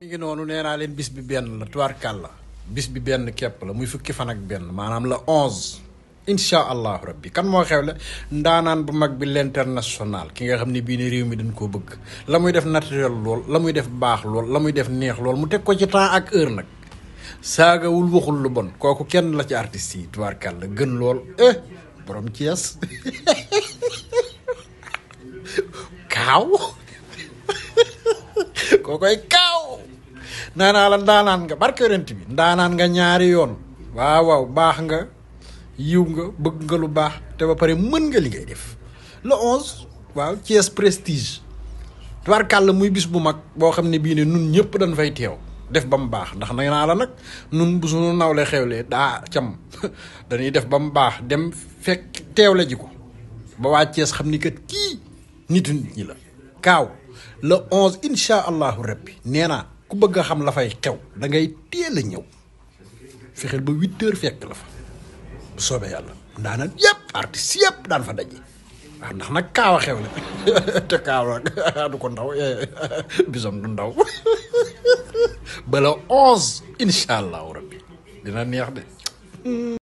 mi ngi noonu nee naa leen bis bi benn la tubaarkàl la bis bi benn kepp la muy fukki fan ak benn maanaam la onze incha allahu rabbi kan moo xew la ndaanaan bu mag bi l'international ki nga xam ne bii ne réew mi dañ koo bëgg la muy def naturel lool la muy def baax lool la muy def neex lool mu teg ko ci temps ak heure nag saagawul waxul lu bon kooku kenn la ci artistes yi tubaarkàl la gën lool eh borom Cees kaaw kookoy kaaw nee la ndaanaan nga barke yonent bi ndaanaan nga ñaari yoon waaw waaw baax nga yiw nga bëgg nga lu baax te ba pare mën nga li ngay def le onze waaw Thiès prestige tubaarkàlla muy bis bu mag boo xam ne bii ne nun ñëpp dañ fay teew def ba mu baax ndax nee naa la nag nun bu suñu nawle xewlee daa cam dañuy def ba mu baax dem fekk teewle ji ko ba waa Thiès xam ni kat kii nitu nit ñi la kaaw le onze incha allahu rabbi nee naa ku bëgg a xam la fay xew da ngay teel a ñëw fexeel ba huit heures fekk la fa bu soobee yàlla ndaanaan yëpp artiste yëpp daan fa daje waaw ah, ndax nag kaawa xew la te kaawa du ndaw eh, bisam du ndaw bala onze incha allahu rabbi dina neex de